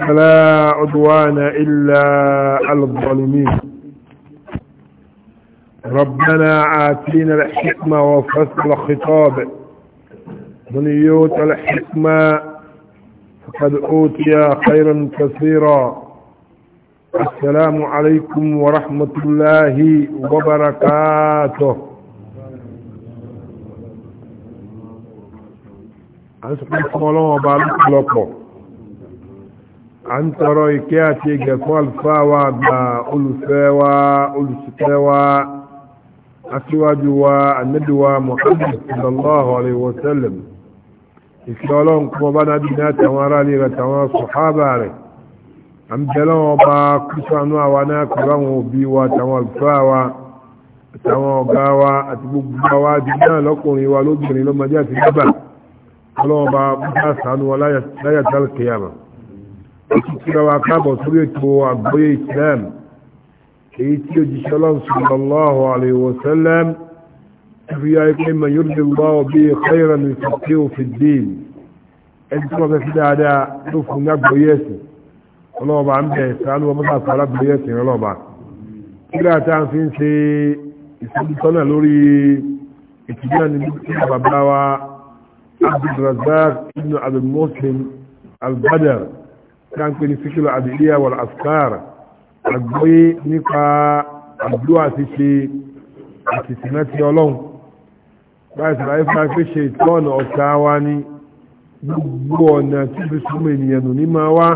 فلا عدوان إلا على الظالمين ربنا آتينا الحكمة وفصل الخطاب من يوت الحكمة فقد أوتي خيرا كثيرا السلام عليكم ورحمة الله وبركاته أنا سأقول لكم الله وبركاته à ń tọrọ ìkẹ́ àti ìgẹ̀ fún àlùfáà wa àgbà olùfẹ́ wa olùsìkẹ́ wa aṣíwájú wa ànábì wa Muhammad sallallahu alayhi wa sallam ìfẹ́ ọlọ́run kọ́ bá nábì ní àtàwọn ará ní rẹ̀ tàwọn sọ̀hábà rẹ̀ à ń bẹ̀rẹ̀ wọn bá kúsànú àwa náà pẹ̀lú wa láyàtàlù kìyàmà ìtura wa káàbọ̀ sórí ètò àgbóyé islam èyí tí òjíṣẹ́ ọlọ́run sallallahu alayhi wa sallam fi yá ipé ma yóò lè wá ọbí khayran ní ìfàkẹ́ òfin dín ẹni tí wọ́n fẹ́ fi dáadáa ló fún ní àgbóyé ẹ̀sìn ọlọ́ọ̀bà ń bẹ̀ sánú ọmọ sáà fara àgbóyé ẹ̀sìn ọlọ́ọ̀bà kíra tá ń ń ṣe ìfọ́nìtọ́nà lórí ìtìjọ́ ní bàbá wa abdulrazak ibn abdulmuslim albadar káńpé ní síkìlù àdìlíyà wal askar àgbóyé nípa àdúrà ti ṣe àti sinẹ́tì ọlọ́run báyìí sàlàyé fún wa pé ṣe ìtọ́nà ọ̀tá wa ní gbogbo ọ̀nà tí fi súnmọ́ ènìyàn nù ní máa wá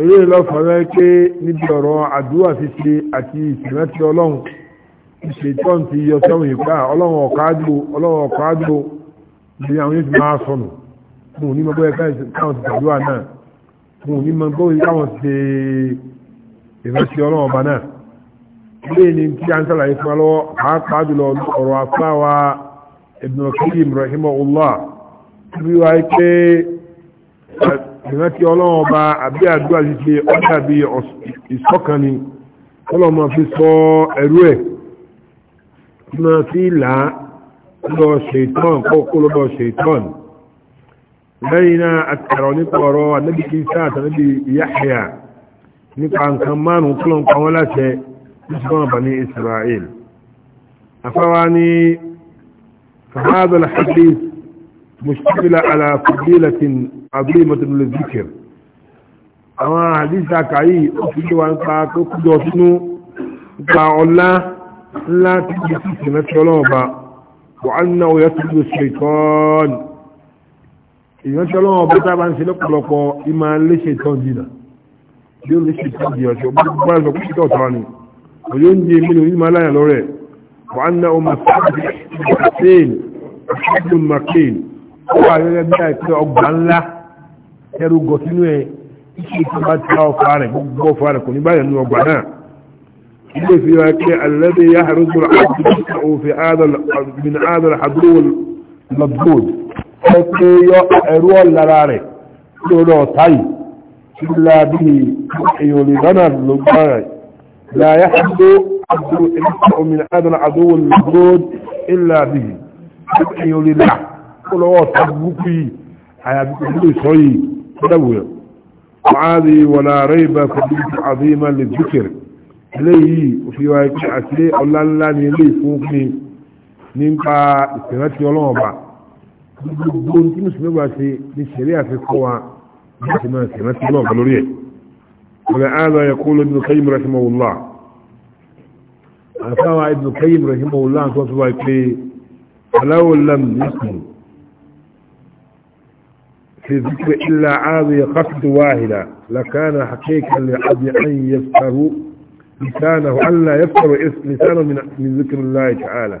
eré lọ́fọ̀ọ́rẹ́ pé níbi ọ̀rọ̀ àdúrà ti ṣe àti ìsinẹ́tì ọlọ́run ìṣètọ́n ti yọ sọ́run ìpá ọlọ́run ọ̀kádùn ọlọ́run ọ̀kádùn ìyàwó yóò ti máa sọnù fún onímọ̀ bóyá káwọn ti tàdúrà náà fún òní mọ gbọ́ yìí káwọn ṣe ìrántí ọlọ́run ọba náà ilé ni tí a ń sàlàyé fún wa lọ́wọ́ pàápàá jùlọ ọ̀rọ̀ afáwa Ibn Qayyim rahimahullah bí wá pé ìrántí ọlọ́run ọba àbí àdúrà ṣíṣe ọjà bí ìsọ́kan ni fi sọ ẹrú ẹ̀ máa fi là kọ́kọ́ lọ́dọ̀ lẹ́yìn náà àtàrọ̀ nípa ọ̀rọ̀ anábì kí sáà tàbí Yahya nípa nǹkan márùn-ún tó lọ́n pa wọ́n láṣẹ ìṣọ́nà bani Israel afáwa ní fahadà al-hadith mustamila ala fadilatin azimatin lizikir àwọn hadith àkàyí ó fi ṣe wa ń pa tó èèyàn tí ọlọ́wọ́ ọba tá a bá ń ṣe lọ́pọ̀lọpọ̀ ìmọ̀ léṣe tán jìnà bí ó léṣe tán jìnà tí ọba gbogbo àìsàn kúkú tó ọ̀tọ̀ ni òye ń di èmi lórí máa láyà lọ́rẹ̀ wà á ná ọmọ sáàbì mccain ọdún mccain ó wà gẹ́gẹ́ bí àìpẹ́ ọgbà ńlá ẹrú gọ sínú ẹ iṣẹ́ tí ilé fi wá pé alẹ́bí yá àrùn tó rà á ti bí lọ́dúnrún ẹ̀kẹ́ yọ ẹ̀rú ọ̀lára rẹ̀ lórí ọ̀tá yìí tí láàbí èèyàn lè dánà lọ́gbà rẹ̀ láyé àdó àdó ẹ̀lẹ́sẹ̀ òmìnira adọ́nà àdówò lọ́gbọ́d ìlàbí èèyàn lè dá lọ́wọ́ ọ̀tá burúkú yìí àyàbí pẹ̀lú àti ọ̀lá ńlá ni eléyìí fún fún mi nípa ìsìnrántí ọlọ́wọ́ bá ولهذا يقول ابن القيم رحمه الله أتى ابن القيم رحمه الله أنت وصفه يقولي فلو لم يكن في ذكر إلا عادي قصد واهلا لكان حقيقا لعضي أن يفكر لسانه ألا لا لسانه من ذكر الله تعالى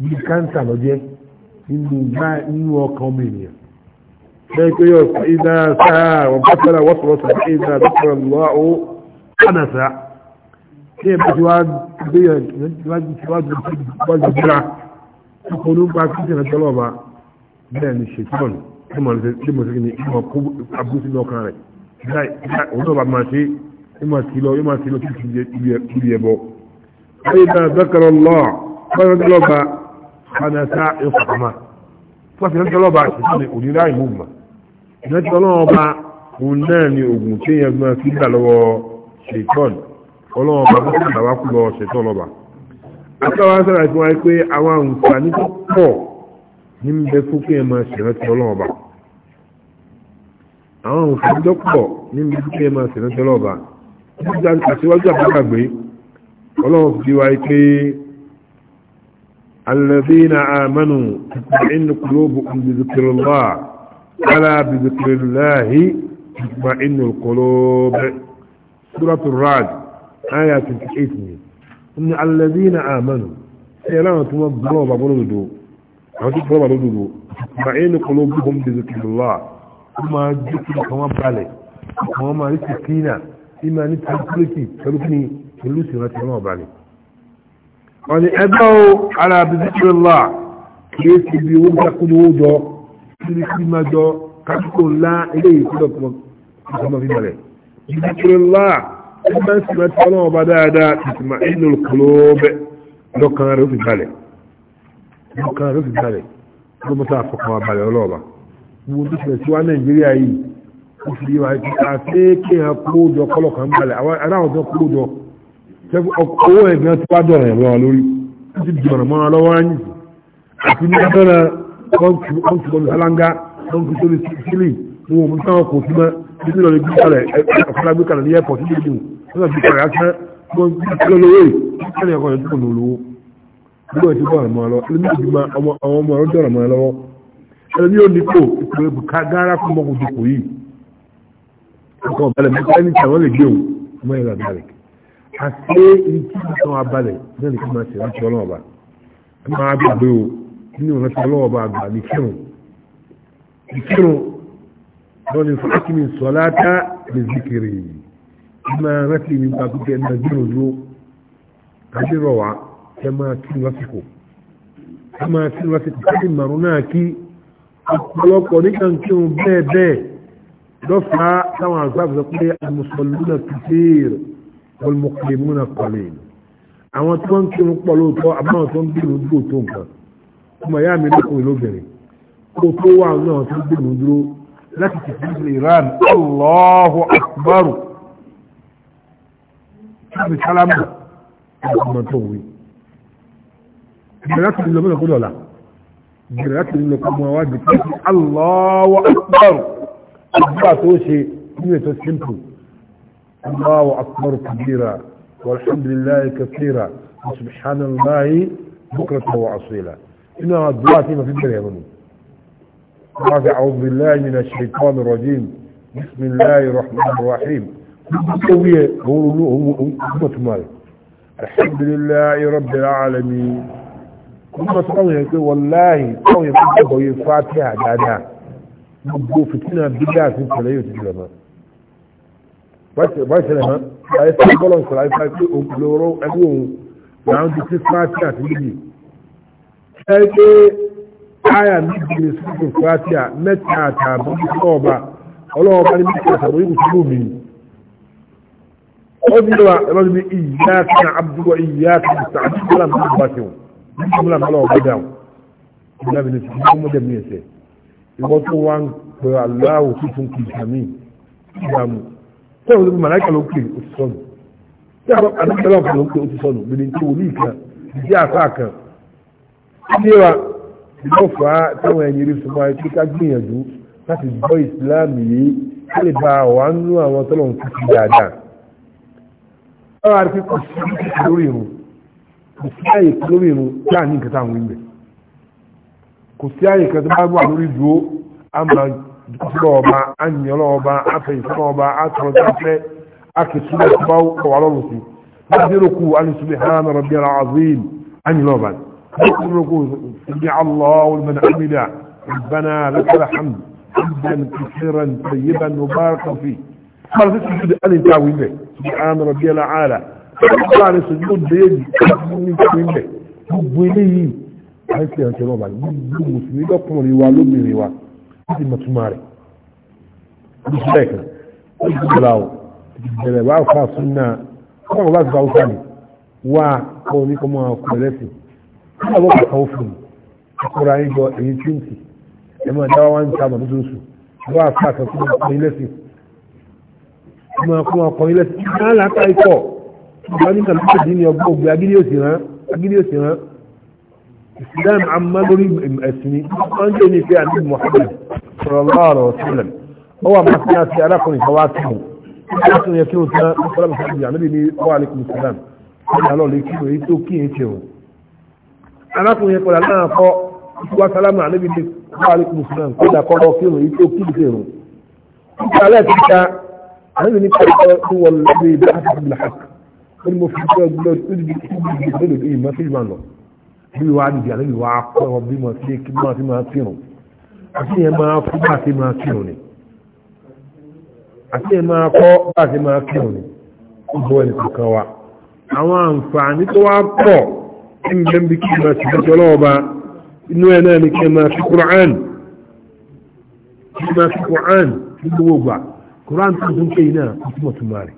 bíi káńsà lọ́jẹ́ nínú nínú ọkàn ọmọ ènìyàn bẹ́ẹ̀ pé ọ̀sán iná sáà wọ́n bá sára wọ́n sọ̀rọ̀ sàkè iná dókòrò lọ́wọ́ ó kánàsà ní ẹ̀bá tí wàá gbé yàn níwájú tí wàá gbé wájú búra tí kò ní pa kí ìṣẹ̀lẹ̀ tọ́lọ̀ ọba bẹ́ẹ̀ ni ṣètọ́nù tí mo ṣe kí ni ìmọ̀ kó abúlé sínú ọkàn rẹ̀ òun náà bá máa ṣe ìmọ̀ sí lọ kana ta ifama wọ́n ti rántí ọlọ́ba àtúntò ní òdìrá ìlú mà ìrántí ọlọ́ba òun náà ni oògùn tí èèyàn máa fi gbà lọ́wọ́ ṣètọ́n ọlọ́ba bó ti gbà wá kú lọ ṣètọ́n ọlọ́ba àtàwọn sára ìfún wa pé àwọn àǹfààní tó pọ̀ ní ń bẹ fún kí èèyàn máa ṣèrántí ọlọ́ba àwọn àǹfààní tó pọ̀ ní ń bẹ fún kí èèyàn máa ṣèrántí ọlọ́ba àti wájú àbúgbàgbé ọlọ́run fi wá pé الذين آمنوا تطمئن قلوبهم بذكر الله ألا بذكر الله تطمئن القلوب سورة الرعد آية 98 إن الذين آمنوا سيلانا تمضوا بابون دو àwọn tó bá lódòdó ma ẹni kọlọ bí hom bí zikiri lọ́wọ́ ó máa jẹ́ kí ọkàn wọn balẹ̀ ọkàn wọn máa ní tìkínà ní máa ní tàbílẹ̀tì pẹ̀lú kí ni pẹ̀lú sí ìrántí wọn balẹ̀ wọ́n ni ẹgbẹ́ o ara bisikirila kìí ti bi owó dákúrò owó jọ kiri kí máa jọ kápíkò ńlá eléyìí kúrò pọ̀ ìsọmọ fi bẹ̀rẹ̀ bisikirila ẹgbẹ́ ń sinmi tí ọlọ́wọ́ bá dáadáa ìsìnmá inú kúrò bẹ́ lọ́kàn rẹ̀ ó fi balẹ̀ lọ́kàn rẹ̀ ó fi balẹ̀ ló mọ́tà àfọkàn abalẹ̀ ọlọ́ọ̀bà gbogbo owó ẹ̀gbẹ́ ti wá dọ̀rọ̀ ẹ̀rọ lórí títí di ọ̀nà mọ́ra lọ́wọ́ ẹ̀yìn àti ní abẹ́rẹ́ kọ́ńtùkọ́ńtù alága lọ́nkú sórí sílì ní wọn mú sáwọn kò sí mọ́ títí lọ́ọ́ gbé kalẹ̀ ẹ̀fọ́lá gbé kalẹ̀ ní ẹ̀pọ̀ títí dùn wọ́n fi kọ̀rẹ́ aṣẹ́ wọ́n gbé lọ́wọ́ èyí kẹ́lẹ́ ẹ̀kọ́ yẹn tó kàn lówó bí wọ́n ti bọ̀ ọ̀nà mọ́ra lọ ẹlẹ́mí ò dùn àwọn ọmọ ọ̀rọ̀ dọ̀rọ̀ mọ́ra lọ́wọ́ ẹlẹ́mí ò ní kò ìpò ebù ká gáárá fún mọ́kùn dùkù yìí ọkọ̀ ọ̀bẹ̀lẹ̀ mẹ́ta ẹni tí àwọn lè gbé òun mọ́ ẹ̀rọ àdáyé àti ìtú ìtàn abalẹ̀ náà nìkan máa tẹ̀lé ìtàn ọlọ́ọ̀bà ẹ máa gbàgbé o nínú ìrántí ọlọ́ọ̀bà àgbà ní kírun ìkírun lọ́wọ́ ní fàákìmí sọ́láta lè zikiri ẹ máa rántí mi gba pípẹ́ ẹ máa gbìrò dúró àti rọ̀wá ẹ máa kí lásìkò ẹ máa kí lásìkò kí màrún náà kí ọ̀pọ̀lọpọ̀ nìkan kírun bẹ́ẹ̀ bẹ́ẹ̀ lọ́fàá táwọn àgbà fẹ́ pé àmùsọ̀lù náà kìí والمقيمون قليل àwọn tí wọ́n ń kírun pọ̀ lóòótọ́ àbáwọn tó ń bínú dúró tó nǹkan ọmọ ìyá mi lókun lóbìnrin kó tó wà náà tó ń bínú dúró láti ti fi Iran Allahu Akbar láti sálámù ọmọ tó wí bẹ̀rẹ̀ láti lọ mẹ́rin kó dọ̀la bẹ̀rẹ̀ láti lọ kó mọ àwọn àgbẹ̀ Allahu Akbar àdúrà tó ṣe nínú ètò simple الله أكبر كبيرا والحمد لله كثيرا وسبحان الله بكرة وأصيلا إنها الدعاء ما في البرهن أعوذ بالله من الشيطان الرجيم بسم الله الرحمن الرحيم الحمد لله رب العالمين kuma tsawon ya ce قوية قوية ya fi fatiha dada gbogbo fitina bidya sun bọ́ọ̀sẹ̀lẹ̀ mọ́ ayé tí bọ́ọ̀lù ń sọ̀rọ̀ ayé pé òǹkùlọ́rọ̀ ẹgbẹ́ òun làwọn ti ti fúláàtì àti níbi ṣe é pé táyà níbi ní sùkùn fúláàtì à mẹ́ta àtààbọ̀ ní sọ́ọ̀ba ọlọ́wọ́ bá ní mẹ́ta àtààbọ̀ ní sùkùn mi. ó ní wa ẹ̀rọ ní ìyá kan abdúgbò ìyá kan sàbí bọ́lá mi bá ti wọn ní bọ́lá mi lọ́wọ́ bá dà wọn. ìyá mi ní sùkùn mọ́jẹ̀ mi ẹ̀sẹ̀ ìwọ́n tó wá ń pè aláwọ̀ tuntun kìí sọ́wọ́n ló fi màláìka ló pè ó ti sọnù tí àwọn àdúgbò náà ló pè ó ti sọnù gbèdé tí wò ní ìkan ìdí àfáà wa ìbọn fà á táwọn ẹni rí sọmọ ayé kíkà gbìyànjú láti gbọ́ ìsìláàmù yìí ká lè ba àwọn nínú àwọn tọ́lọ̀ ń fi dáadáa báwa rí pé kò sí lórí irun kò sí àyè kan lórí irun tí à ní nǹkan táwọn ń bẹ̀ kò sí àyè kan tó bá wà lórí dúró á máa dukɔfɔlɔba anyɔlɔba afɛnfɔlɔba atɔlɔtɔfɛ akisuma kubaw kɔwalɔlusi adiroku alisubi hana rabi alazim anyɔlɔba adiroku sabi alahu liman amida ربنا لك الحمد حمدا كثيرا طيبا مباركا فيه قال في السجود ان انت وينه سبحان ربي الاعلى قال السجود بيجي من وينه gbogbo eléyìí àìsí ẹ̀rọ ìṣẹ̀lẹ̀ ọ̀bàlẹ̀ gbogbo mùsùlùmí lọ́kùnrin wa lóbìnrin wa ti mọ̀túnmá rẹ̀ ní sílẹ̀ kan ó ti gbẹ̀lá o ìbẹ̀rẹ̀ wà fà sún náà kọ́ ọ̀rọ̀ bá ti fa ọ̀sán ni wà kọ́ ní kọ́ máa kọ́ ẹlẹ́sìn kí àwọn kàkà ó fún mi akọ́ra yín jọ èyí tí ń tì ẹ máa dáwọ́ wá ń ta màmú tó ń sùn wà fà sọ fún mi kọ́ ẹlẹ́sìn ẹ máa kọ́ máa kọ́ ẹlẹ́sìn kí wọ́n á láta ikọ̀ ìgbà nígbà tó ti ní ọgbọ́n ògbé agídí òsì rán agídí òsì rán ìsìlẹ̀ àmọ́ ẹ̀sìn ní wọ́n ń jẹ́ ní ìfẹ́ àti Muhammad sallallahu alaihi wasallam ó wà máa fi àti arákùnrin kan wá kí wọn arákùnrin yẹn kí wọn tán ó fọlá mọ̀sán ìyá níbi ní ọwọ́ alaikum salam ó yà lọ́ọ̀lì kí wọn èyí tó kí èyí tẹ̀ wọn. arákùnrin yẹn kọ̀ọ̀lá náà kọ́ wá sálámà níbi ní ọwọ́ alaikum salam kó dà kọ́kọ́ ما wọn èyí tó kí tẹ̀ wọn. nígbà alẹ́kìta níbi ní kọ́kọ́ tó àti yẹn máa fún bá ti máa kírun ni àti yẹn máa kọ́ bá ti máa kírun ni ó bọ́ ẹni kankan wa àwọn àǹfààní tó wá pọ̀ kí n bẹ́ẹ̀ bí kí n máa ti bẹ́ẹ̀ tọ́lọ́wọ́ bá inú ẹ̀ náà ni kí n máa fi kúrán kí n máa fi kúrán ní gbogbo gbà kúrán tó tún kéyìn náà kó túmọ̀ tún rẹ̀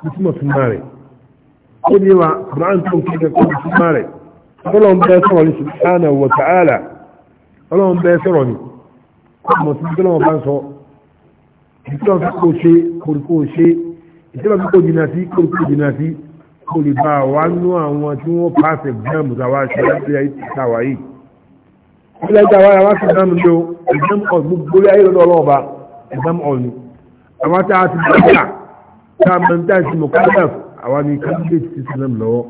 kó túmọ̀ tún rẹ̀ ó ní wa kúrán tó kéyìn náà kó túmọ̀ rẹ̀ tọ́lọ́ ń bẹ́ẹ̀ sọ̀rọ̀ ní subhanahu wa ta'ala ọlọ́run bẹ́ẹ̀ sọ̀rọ̀ ni ọmọ tí bí ọlọ́run bá ń sọ ìtura fi kò ṣe kòrìkò ṣe ìtura fi kò jìnnà sí kòrìkò jìnnà sí kò lè bá wa nú àwọn tí wọ́n pàṣẹ gbẹ́m tàwa ṣe láti ayé tàwa yìí ilé ẹja wa wa sì dánú lé o exam hall gbogbo ilé ayé lọ́dọ̀ ọlọ́ọ̀ba exam hall àwọn tá a ti gbàgbà tá a mọ̀ níta ìsinmi kọ́ńtà àwa ni candidate ti sinmi lọ́wọ́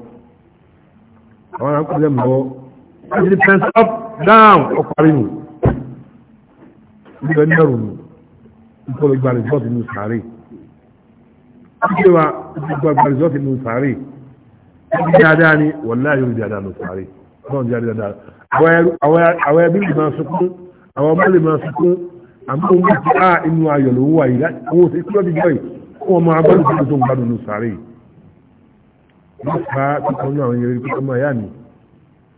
àwọn àkọ́ńtà lọ́wọ́ àti pẹ̀sì up down ọ̀parí nù nígbà ní ẹrù nù ìtọ́lẹ̀ gba rìsọ́ọ̀tì nù sàárè ṣíṣe wa ìtọ́lẹ̀ gba rìsọ́ọ̀tì nù sàárè ẹbí dáadáa ni wọ́n náà yóò rí dáadáa nù sàárè náà jáde dáadáa àwọn ẹbí lè máa sunkún àwọn ọmọ lè máa sunkún àmọ́ òun ti á inú ayọ̀ ló wà yìí láti owó ti kí lọ́dún kó wọn máa bá lùsọ̀rọ̀ tó ń gbádùn nù sàárè. wọ́n fa kíkan náà àwọn yẹrẹ kíkan máa yá mi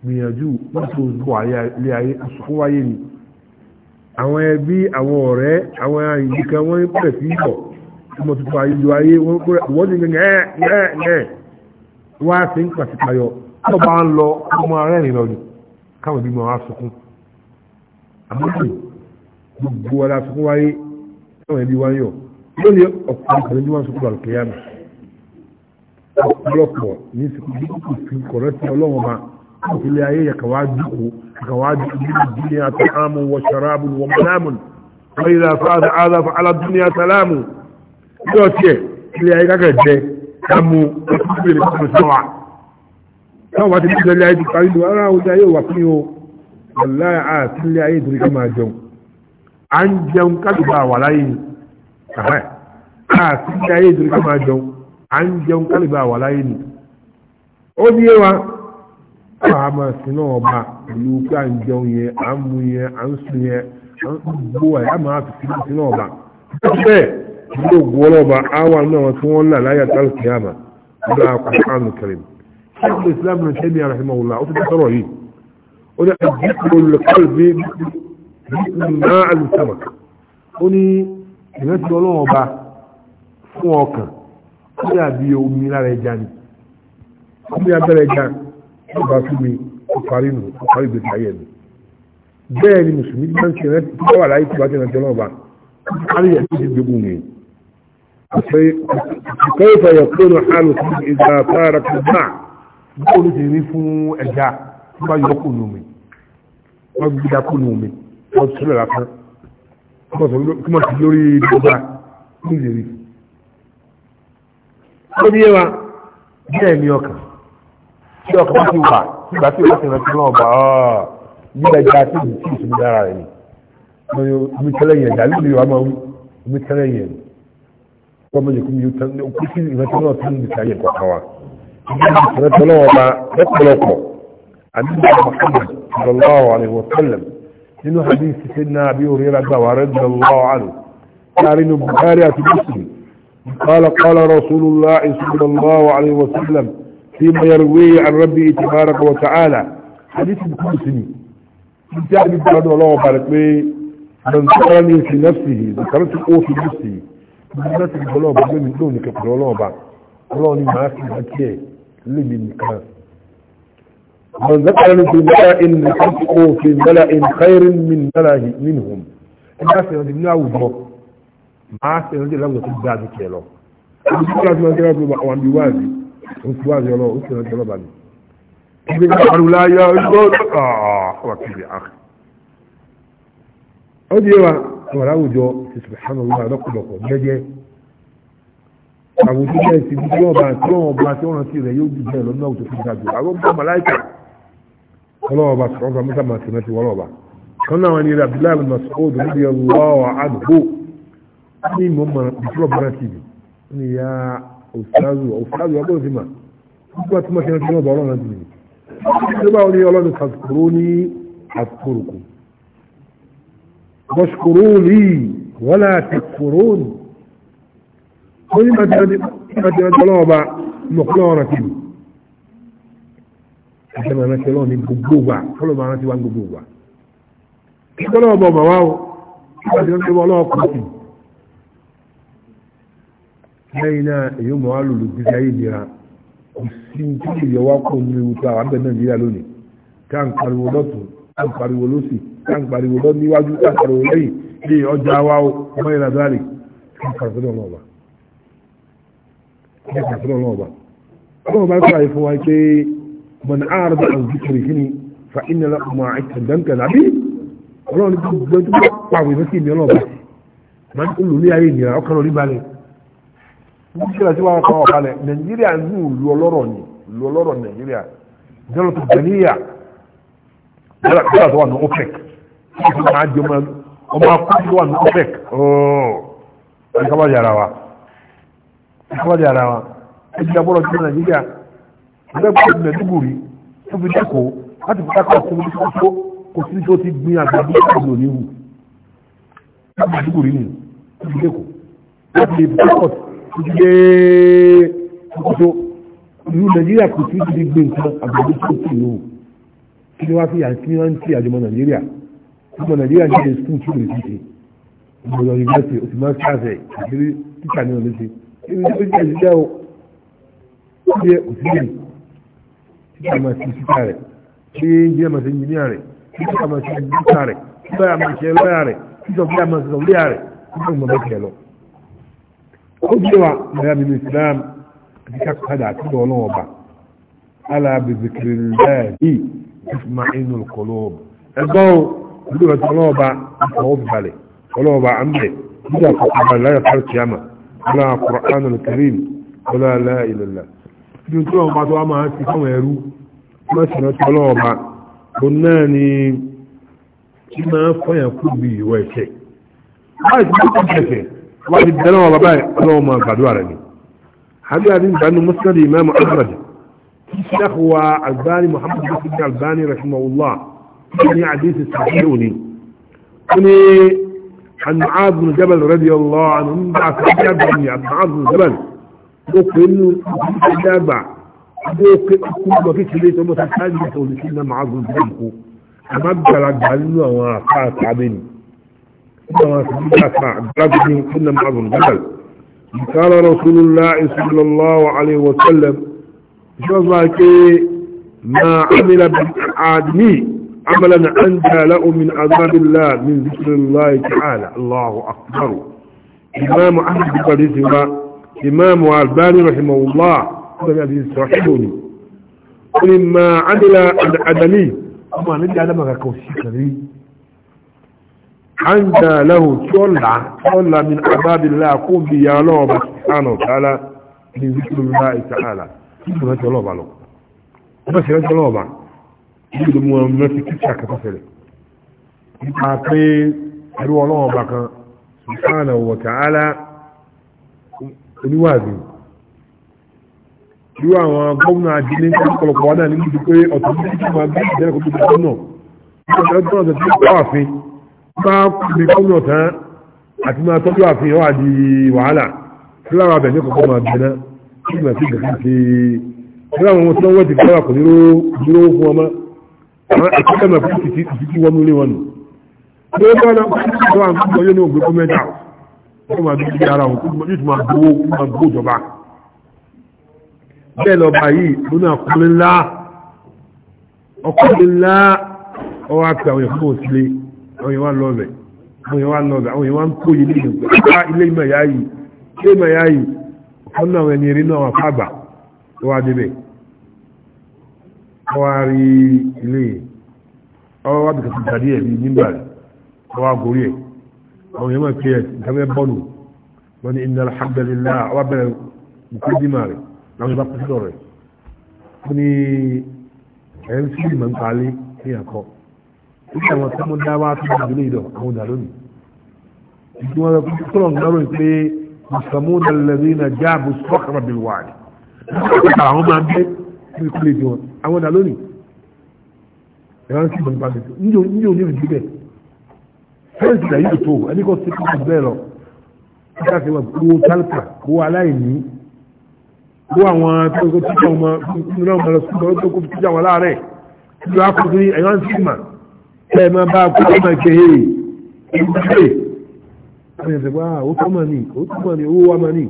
gbìyànjú mọ́tò òṣùpọ̀ ilé ayé àsùnkún wáyé ni àwọn ẹbí àwọn ọ̀rẹ́ àwọn ìdíkan wọ́n ń pẹ̀ sí ìbọ̀ ọmọ tuntun àyíjọ ayé wọ́n ti gbẹ̀ngẹ̀ ẹ̀ẹ́ wá sí ń pàṣípayọ tó bá ń lọ ọmọ ara ẹ̀rìn lọ́dún káwọn ìbímọ wa sọkún àmọ́tò gbogbo ọ̀la sọkún wáyé káwọn ẹbí wá ń yọ lónìí ọ̀pọ̀lọpọ̀ ní wọ́n sọkún àlùkẹ́yàmù ọ̀pọ̀lọpọ̀ ní sọkún bí kò fi kọ̀rẹ́tì ọlọ́wọ́n máa kawai yayi ya kawajiku kawajiku min duniya ta'amun wa sharabun wa manamun wa idza fa'ada hadha fa ala dunya salamun yóò tiẹ̀ ilé ayé kákẹ́ jẹ kámú ìpínlẹ̀ kọ́mù sọ́wà náà wá ti ní ilé ayé ti parí ní ara oúnjẹ ayé wà fún yóò wàlá àti ilé ayé ìdúrí ká máa jẹun à ń jẹun kálùbà wà láyé àhẹ́ àti ilé ni ó wa àmà sínú ọba ìlú pé à ń jẹun yẹn à ń mu yẹn à ń sùn yẹn à ń gbó ẹ̀ àmà sínú sínú ọba bẹ́ẹ̀ ìlú ògùn ọlọ́ba àwọn náà tí wọ́n là láyà tá lùkì àmà ọdún àkùnkànù kẹrin ṣẹ́kù islam ní sẹ́mi àràhìmọ̀wòlá ó ti dá sọ̀rọ̀ yìí ó ní àjíkò lùkàlùbí máa ní ìrántí ọlọ́ọ̀ba fún ọkàn ó dàbí omi lára ẹja ni omi abẹ́rẹ́ ẹja ni ọba fún mi ọparí nù ọparí gbèsè ayé mi bẹ́ẹ̀ ni mùsùlùmí bá ń ṣe rẹ tó bá wà láyé tó bá ti rántí ọlọ́ọ̀ba kárí ẹ̀ tó ti gbógun mi. kẹ́yìn fẹ̀yẹ̀ kúrò hàlù sí ìgbà fara tó gbà bó ló ti rí fún ẹja tó bá yọ kó nù mi wọ́n gbé da kó nù mi wọ́n ti sọ́lẹ̀ lásán kí wọ́n ti lórí ìjọba ní ìlérí. ó ní yẹ wa bẹ́ẹ̀ ni ọkàn. tí ọkọ̀ ti wà nígbà tí wọ́n ti rántí náà bá ọ́ nígbà ìgbà tí ìlú tí ti isuna dára rẹ̀ ni omi tẹ́lẹ̀ yẹn dàbí ìlú wa máa omi tẹ́lẹ̀ yẹn wọ́n mọ̀ yẹn kú mi kú sí ìrántí náà tó ń bìtà yẹn kọ̀ọ̀kan wa ìrántí náà ìṣúná lọ́pọ̀lọpọ̀ àdúgbò bá sallallahu alayhi wa sallam nínú hadith sinna abi orira gba wa radiyallahu anhu láàrin Bukhari àti Muslim قال عليه وسلم فيما يرويه عن ربي تبارك وتعالى حديث القدسي انتهى من بعد الله وبارك به من ذكرني في نفسه ذكرته في نفسي من ذكرك الله بقى من دونك في الله بقى الله لي معاك الحكي اللي كان من ذكرني في ملأ ذكرته في ملأ خير من ملأ منهم الناس اللي بنعوضه معاك اللي لو تبعد كيلو أنا بقول لك ما كده وعم بيوازي oṣù ah, wa yọlọ oṣù wa yọlọ bani ibi ní àrùlá yọ ọjọ́ ọwà kìí àkà ó di wa wàrà àwùjọ ti sùbẹ̀hánà wà lọ́kùnlọ́kọ̀ jẹ́jẹ́ àwùjọ jẹ́ ti bí wọ́n bá tí wọ́n bá tí wọ́n rántí rẹ̀ yóò dùn bẹ́ẹ̀ lọ́nà òjò fún ìdájọ́ àwọn ọmọ màláìkà ọlọ́wọ́ bá sọ̀rọ̀ mẹ́ta máa ti mẹ́ta wọ́lọ́ bá kan náà ni abdullahi masoud níbi ọlọ́wọ́ àdúgbò ní mọ́mọ́ ìtura bọ́lá tv ní ya òṣìṣàrù òṣìṣàrù ọgbọ́n ti mà nígbà tí wọ́n ṣe rántí ọ̀dọ̀ ọlọ́run ti nìyí tí wọ́n ní ọlọ́run kàkúrú ní àkùrùkù bọ́ṣkúrú rí wọ́n là ti kúrú ní ó ní máa ti rántí ọlọ́run ọba mọ̀kúlọ́ ọ̀rọ̀ kìlú àṣẹ máa rántí ọlọ́run ní gbogbo wa kọ́lọ́ máa rántí wa gbogbo wa kí ọba ọba wa ó kí wọ́n ti rántí ọlọ́run kọ̀ọ̀kìlú lẹ́yìn náà èyí mọ̀ alùlù bí ayé ìlera kò sí tí ìyẹ̀ wá kó ní ìwúta àbẹ̀ nàìjíríà lónìí ká ń pariwo lọ́tún ká ń pariwo lọ́sì ká ń pariwo lọ́ níwájú ká ń pariwo lẹ́yìn ní ọjà wa ó ọmọ ìlà dáàlì ká ń pariwo lọ́wọ́ ọba ká ń pariwo lọ́wọ́ ọba ọlọ́wọ́ bá kọ́ àìfún wa pé mọ̀ ní àárọ̀ bá àwọn zikiri kí ni fa iná la ọmọ àìsàn dáńkà nàbí ọlọ́wọ́ ní nígbà tí wọ́n kọ́ ọ̀kalẹ̀ nàìjíríà ní ìlú ọlọ́rọ̀ ni ìlú ọlọ́rọ̀ nàìjíríà jẹ́rọ tó gbẹ̀níyà jẹ́rọ tó wà ní OPEC ṣíṣe máa jẹ ọmọ akọ́jú wà ní OPEC ọ̀ọ́ ìkábàjẹ́ ara wa ìkábàjẹ́ ara wa ẹgbẹ́ abọ́rọ̀ tí nàìjíríà ẹgbẹ́ gbọ́dọ̀ mẹ́dúgùrì tó fi dẹ́kọ̀ láti fi dákọ̀ tó fi tó kò sí tó ti gbin àgbàdo ìlú láti fi dẹ́kọ̀ láti ìdílé ìkótó ìlú nàìjíríà kò tí ti gbé nǹkan àgbàdo tó ti lò kí ni wá fi àti ní ti àjọmọ̀ nàìjíríà ọmọ nàìjíríà ní ilé skul tí ó lè ṣe ìgbọ̀dọ̀ yunifásitì oṣù máa ń ṣáàfẹ̀ àṣírí títà ní ọ̀lẹ́ ṣe kí ni ó ti ṣiṣẹ́ o ó yẹ òṣìṣẹ́ títà máa ṣe títà rẹ̀ ṣé ìjìnlẹ̀ máa ṣe ìjìnlẹ̀ rẹ̀ títà máa ṣe ìjìnlẹ̀ rẹ̀ títà máa ṣe lọ́yà rẹ̀ títà máa ṣe sọ̀lẹ́yà rẹ̀ títà máa ṣe lọ ó jẹ́ wa náà nínú islam àti kákàdà àti ọlọ́wọ́ ọba alábìbìkiri lẹ́ẹ̀bí ìfúnma inú kọlọ́ọ̀bù ẹgbọ́n ìlú ẹ̀tọ́ ọlọ́ọ̀ba ìfọwọ́ bìbalẹ̀ ọlọ́ọ̀ba àmì nígbà kọkànlá láyà kárìkìyàmà ọlá kùránù kẹrìm ọlá aláìlẹ̀lá bí tí wọn bá tó wá máa ti fáwọn ẹrú mọ́sàn-án tí ọlọ́ọ̀ba kò واحد الدنا ولا باي بابايا ما قعدوا على حديث عدين بأنه مسند إمام أحمد شخوى الباني محمد بن الباني رحمه الله في حديث الصحيحوني قلي عن معاذ بن جبل رضي الله عنه من بعث سجابني بن معاذ بن جبل يقول إنه سجابة يقول ما في سبيت وما تحتاج يقول إنه معاذ بن جبل أمام بلد عنه وقعت عبيني قال رسول الله صلى الله عليه وسلم شو الله ما عمل بالعادمي عملا أنت له من عذاب الله من ذكر الله تعالى الله أكبر إمام أحمد بن إمام الباني رحمه الله الذي صاحبني ما عمل العدمي أما نجي على ما كوشي anja lahu tola tola min ababila ko bi ya lo ba subhanahu wa ta'ala ni zikrullahi ta'ala ko na tola ba lo ba se na tola ba ni do mo na ti ti chaka ko sele a pe ru kan subhanahu wa ta'ala ni irú àwọn gómìnà àjílé ní ọ̀pọ̀lọpọ̀ wádà ní ìdí pé ọ̀tọ̀ ní ìdí máa bí ìdẹ́rẹ̀kọ́ tó ti tó ti bá kúrò kọ́nà tán àti máa tọ́jú àfihàn wà di wàhálà tí lára abẹ̀ ní kọ̀kọ́ máa bẹ̀ náà tí mà sí gàdá sí i lára àwọn tí wọ́n ti gbára kò dúró dúró fún ọmọ àwọn àkọ́kọ́ máa fi títí títí wọnú lé wọn nù. bí wọ́n bá náà wọ́n ti sọ àwọn akọ́kọ́ yóò ní ògbé gọ́mẹ́ntà wọ́n máa bí ibi ara wọn yóò tún máa gbowó máa gbowó ìjọba. bẹ́ẹ̀ lọ́ba yìí ló náà kọ́lé ńlá ọkọ̀ àwọn yẹn wá lọ bẹ̀ àwọn yẹn wá lọ bẹ̀ àwọn yẹn wá ń kó ilé yìí pé á ilé ìmọ̀ ìyá yìí ilé ìmọ̀ ìyá yìí ọ̀kan náà ẹni eré náà wà fàgbà tó wá débẹ̀ wọ́n wá rí ilé yìí ọwọ́ wá bìkà sí ìdàdí rẹ̀ láwọn ìbá kúsùdọ̀ rẹ̀ wọ́n ní ẹ̀ sí ìmọ̀ ń palé ní àkọ́ nígbà àwọn tí wọ́n dá wá tó dà lórí ìdọ̀ àwọn dà lónìí ìdí wọn kú tọ́lọ̀ ń lọ́rọ̀ pé mùsàmúnà lẹ́rí na jáàbù sọ́kàrà bí wà ní àwọn máa gbé ní ìkúlẹ̀ ìdí wọn àwọn dà lónìí ẹ̀rọ ń sìnkú nípa tètè níjò níjò ní ìdí bẹ́ẹ̀ fẹ́ǹsì là yóò tó ẹni kò sí kókò bẹ́ẹ̀ lọ nígbà tí wọ́n kú tálíkà kú aláìní kú àwọn tó kó tíjà wọn lọ sí ọ̀rọ̀ tó kó ẹ máa bá kú ọmọ ìkéhe ìgbé àwọn ẹ̀sẹ̀ wá ó tọ́ màá ní ó tọ́ màá ní owó wá màá ní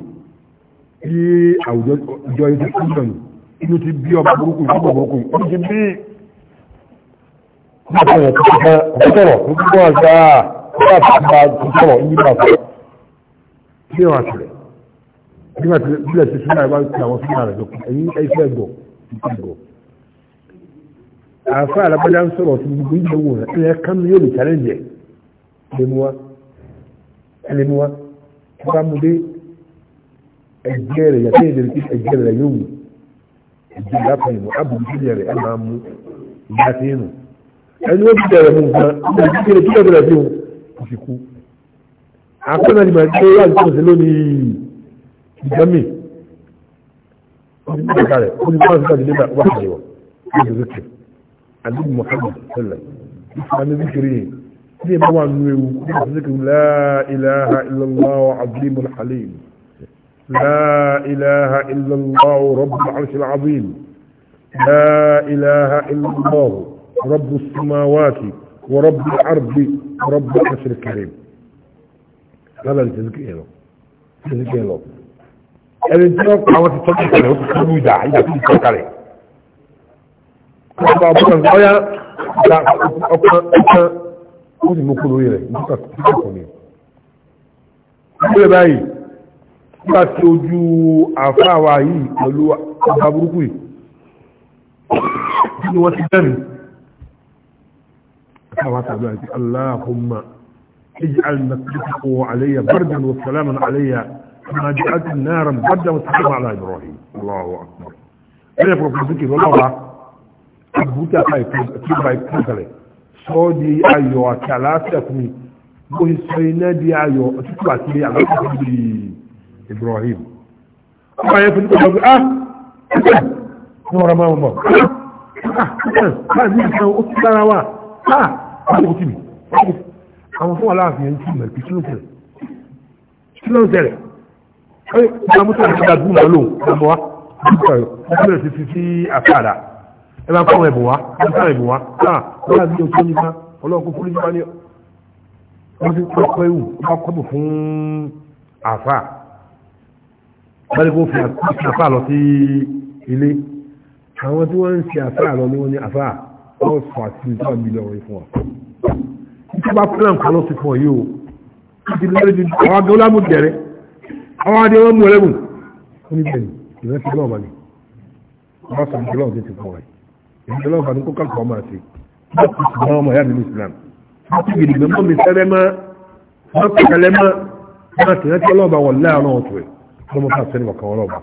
bí àwùjọ ìjọ yìí ti kú sàn inú ti bí ọba burúkú ìjọba burúkú ó ti bí ọmọ ìyẹn tó kọ́ ọ̀pọ̀ tọ̀rọ̀ ní gbogbo ọ̀gá ọ̀gá àtàkùnbà tó tọ̀rọ̀ ní ìgbà fún kí wọ́n àtìlẹ̀ nígbà tí bílẹ̀ ti súnmọ́ ẹ̀ bá ti àwọn súnmọ́ rẹ̀ lọ ẹ̀yìn ẹ̀fẹ́ gbọ̀ àfa alábàjá ń sọ̀rọ̀ tó gbogbo ìjọ wò rẹ̀ ẹ̀yẹ kan yóò lè challenge ẹ̀ ẹlẹ́muwa ẹlẹ́muwa bá mu dé ẹ̀jẹ̀ rẹ̀ yàtọ̀ ìdẹ̀rẹ̀ tí ẹ̀jẹ̀ rẹ̀ yóò wù ẹ̀jẹ̀ lápá ìmọ̀ abùkù ìjẹ̀ rẹ̀ ẹ̀ máa mú ìyá tí ń nù ẹni wọ́n ti bẹ̀rẹ̀ mu nǹkan ọmọ ìdíje rẹ̀ kí ẹ̀ bẹ̀rẹ̀ fi hù kò sì kú àkọ́nà ni màá gbé wà nítorí lónìí ìjọ́mì ọdún mẹ́ta rẹ̀ ó ní wọ́n ti bá ti dé bá wà ní ìwọ̀ ní النبي محمد صلى الله عليه وسلم دي ما نيو ذكر لا اله الا الله عظيم الحليم لا اله الا الله رب العرش العظيم لا اله الا الله رب السماوات ورب الارض ورب العرش الكريم هذا الذكر له الذكر له الذكر ti tọ́jú ìkàlẹ̀ ó ti tọ́jú ìdá ìdá tó ti toju ida ọba ọkùnrin ọya gba ọkùnrin ọkùnrin ó sì mú kúrò rẹ̀ nípa kíkọ̀ ni ìpínlẹ̀ báyìí nígbà tí ojú àfáàwà yìí pẹ̀lú ọba burúkú yìí ni wọ́n ti dẹ́nu àfáàwà tàbí àti aláhùnmá اجعل مكتبه علي بردا وسلاما علي كما جعلت نارا بردا وسلاما على ابراهيم الله اكبر انا فوق ذكر الله àbúrúta tí ba ikú kalẹ̀ sọ di ayọ̀ àti àlàáfíà fún mi bó ṣe sọ iná di ayọ̀ òtútù àti àlàáfíà fún mi Ibrahim ọba yẹn fún ìpàdé ah ní ọ̀rọ̀ ah mọ̀ báyìí ní ìsan ó ti dára wa ah wọ́n kò tì mí àwọn fún aláàfin yẹn ń tì mọ̀ kí sílùú tẹ̀lẹ̀ sílùú tẹ̀lẹ̀ ẹ ìgbà mọ́tò àti ìgbà dùn náà lòun ọmọ wa dùn náà lòun ti fi ẹ máa kọ́ ẹ̀bùn wá ẹ máa kọ́ ẹ̀bùn wá náà wọ́n yà bí o nípa ọlọ́run kó nípa ní wọ́n ti kọ́ ẹ̀kọ́ ẹ̀wù wọ́n bá kọ́bù fún àfà bẹ́ẹ̀ kó fi àfà lọ sí ilé àwọn tí wọ́n ń fi àfà lọ ni wọ́n ní àfà wọ́n sọ àti ìjọ mílíọ̀nù rẹ̀ fún wa tí bá pín àǹkà lọ sí fún ọ yìí o ti lé àwọn agbẹ́ ọlámú àwọn adé wọn mú ẹlẹ́gùn fún ibẹ̀ ni ìrántí ọlọ́ọ̀bá ni wọ́n sọ àǹkà lọ́ọ̀ ìjọba ọba ní kó kàkọ́ ọmọ àti ìjọba ọmọ yàrá nínú Islam wọ́n ti gbèdì gbẹmọ́ mi sẹ́rẹ́ mọ́ wọ́n ti kẹlẹ́ mọ́ wọ́n ti rántí ọlọ́ọ̀bà wọ̀ láàárọ̀ ọ̀tún ẹ̀ ọlọ́mọ ká sẹ́ni wọ̀kan ọlọ́ọ̀bà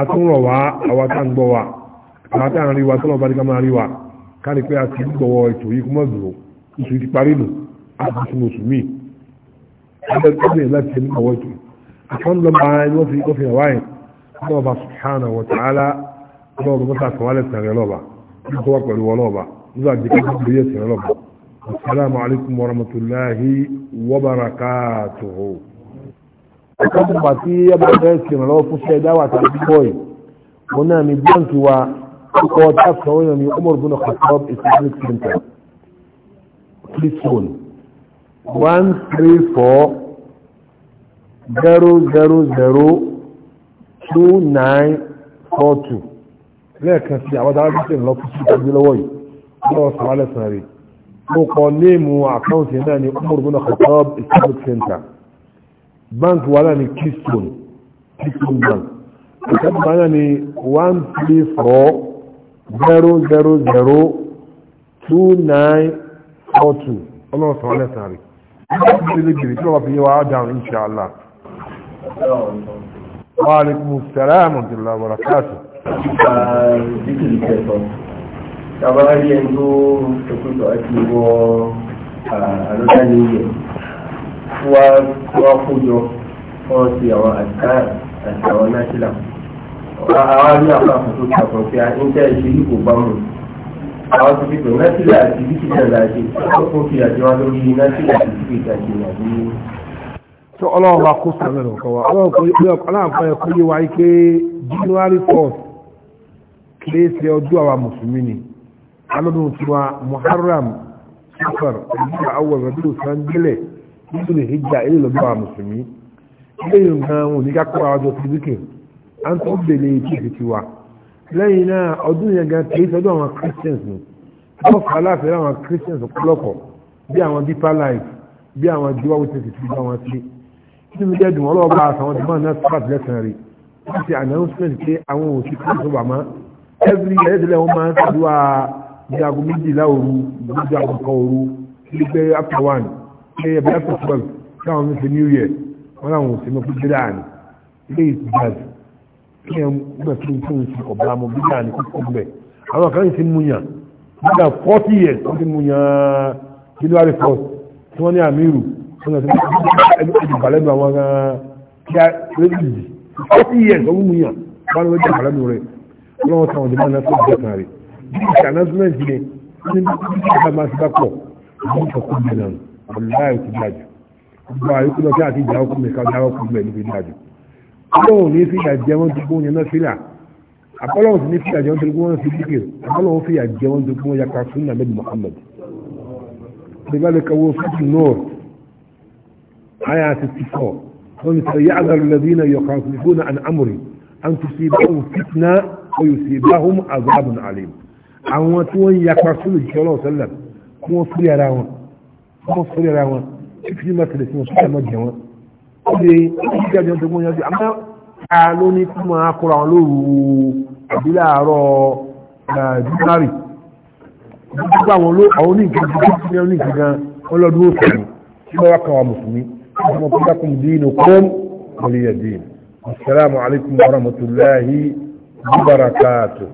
àtúnrọ̀ wá àwa tá ń gbọ́ wa àwa tá ń rí wa tọ́lọ́ọ̀bà ní ká máa rí wa ká ní pé a ti gbọ̀wọ́ ètò yìí kúmọ̀ dùn oṣù ti parí nù a ti sùn oṣù míì ẹgbẹ́ láti ẹni ọwọ́ jù àtọ́nlọ́mà ẹni wọ́n fi hàn wáyé ọlọ́ọ̀bà subhanahu wa ta'ala ọlọ́ọ̀bà mọ́ta àtàwálẹ̀ sàrẹ̀ lọ́ba kó wá pẹ̀lú ọlọ́ọ̀bà nígbà jẹ́ kí wọ́n yẹ sẹ́rẹ̀ lọ́bà asalaamu alaykum wa rahmatulahi wa barakatuhu. ẹ̀kọ́ tó bá tí ẹ bá fẹ́ sẹ́rẹ̀ lọ́wọ́ fún ṣẹ́ dáwà tàbí bọ́ọ̀ì wọn náà ní bíọ́ǹkì wa kọ́ táàkùn àwọn èèyàn ní Umar bin Khattab Islamic Center please phone one three four zero zero zero two nine four two lẹ́ẹ̀kan sí àwọn arábíṣẹ́ ńlọ kú sí ìtọ́jú lọ́wọ́ yìí lọ́wọ́ sàmálẹ̀ sàn rè mo kọ néèmù àkáǹtì náà ní Umar bin Khattab Islamic Center bank wa náà ní Keystone Keystone Bank ìtọ́jú wa náà ní one three four zero zero zero two nine four two ọlọ́wọ́ sàmálẹ̀ sàn rè gbèrègbèrè tí wọ́n fi yẹ wá dáhùn inṣàlá. wa alaikum salaam wa rahmatullahi wa barakatuh nípa díkìlì kẹsàn tàbá rí ẹni tó ṣokúntọ̀ àti wọ àlọ́dá ní ilẹ̀ wá kójọ wọ́n ti àwọn àtìká àti àwọn náṣílà àwọn rí àpapọ̀ tó tàbọ̀ pé a ń tẹ́ ìṣe yìí kò bá mú àwọn tó fi pè náṣílà àti díkìlì láti ó kún fi àjọ wa lórí náṣílà àti díkìlì àti nàìjíríà tó ọlọ́run bá kó sàmẹ́rẹ̀ ọ̀kan ọlọ́run kọ́ yẹ kó January 4th kìí ṣe ọdún àwa mùsùlùmí ni alọ́dún tiwa muharram safar ìdíjà awọ rabiu sangele nítorí hijja ilé lọ́dún àwa mùsùlùmí ilé yìí nǹkan wọn ò ní ká kó àwájọ sí zikir à ń tọ́ bèlè ìtìsí tiwa lẹ́yìn náà ọdún yẹn gan kìí ṣe ọdún àwọn christians ni wọ́n fà láàfin àwọn christians púlọ̀pọ̀ bí àwọn deeper life bí àwọn jíwá witness ti bá wọn sí nínú mi dùn ọlọ́ọ̀bá àtàwọn dìbọn náà sábà tẹ̀lẹ́sàn rí wọ́n ti announcement pé àwọn òsì kúrò tó bà every year ẹ̀dẹ̀lẹ̀ wọn máa ń ṣàdúrà ìdàgò méjìlá òru ìdàgò àkọ́kọ́ òru nígbẹ́ after one ṣe ẹ̀bí after twelve káwọn ní ṣe new year wọn làwọn ò sí mọ́kú bí dáa ni ilé ìtìjáde kí ẹ̀ ń gbẹ̀ fún fún oṣù ọ̀bá mọ́ bí dáa kókó bẹ̀ àwọn kan ti mú yàn nígbà forty years wọ́n ti mú yàn January first tí wọ́n ní àmírù wọ́n ti mú ìbàlẹ́nu àwọn kí á lójijì forty years wọ́n mú yàn wọ́n ní wọ́n jẹ́ ìbàlẹ́nu rẹ̀ lọ́wọ́ táwọn jẹ́ máa tó jẹ́ kan rẹ̀ bí i announcement yẹn ní ìjọba máa ti bá pọ̀ àwọn ìṣọ̀kú bẹ̀ náà ọ̀láyà ti dájú gbogbo àyíkú lọ sí àti ìjà ọkùn mi ká dáwọ́ kú bẹ̀ níbi dájú ọlọ́run ní fi ìyà jẹ wọ́n tó gbóhùn yẹn náà sílà àpọ́lọ́run sì ní fi ìyà jẹ wọ́n tó gbóhùn sí dìkì àpọ́lọ́run fi ìyà jẹ wọ́n tó gbóhùn yàtọ̀ fún nàbẹ́ Muhammad ìbálẹ̀ kawo fún nọ́ọ̀r àyà àti tìkọ̀ wọ́n ti sọ yá àgbàlú lẹ́bí náà yọ̀ kan fún àmúrí an tusibu fitna ويصيبهم عذاب عليم àwọn tí wọ́n ya pàṣílù ìṣọ́lọ̀ ọ̀sẹ́lẹ̀ kí wọ́n fúrí ara wọn wọ́n fúrí ara wọn tí fi máa tẹ̀lé sí wọn sọ́kà máa jẹ wọn ó lè ṣíkà jẹun tó gbóyàn sí àmọ́ a ló ní kí máa kóra wọn lóru àbí láàárọ̀ jùmárì nígbà wọn ló àwọn oníkan tó kí ní oníkan wọ́n wá kan wa mùsùlùmí ọmọ tó dákùn dín ní kóm wọlé yẹ dín assalamu alaikum desbaratado.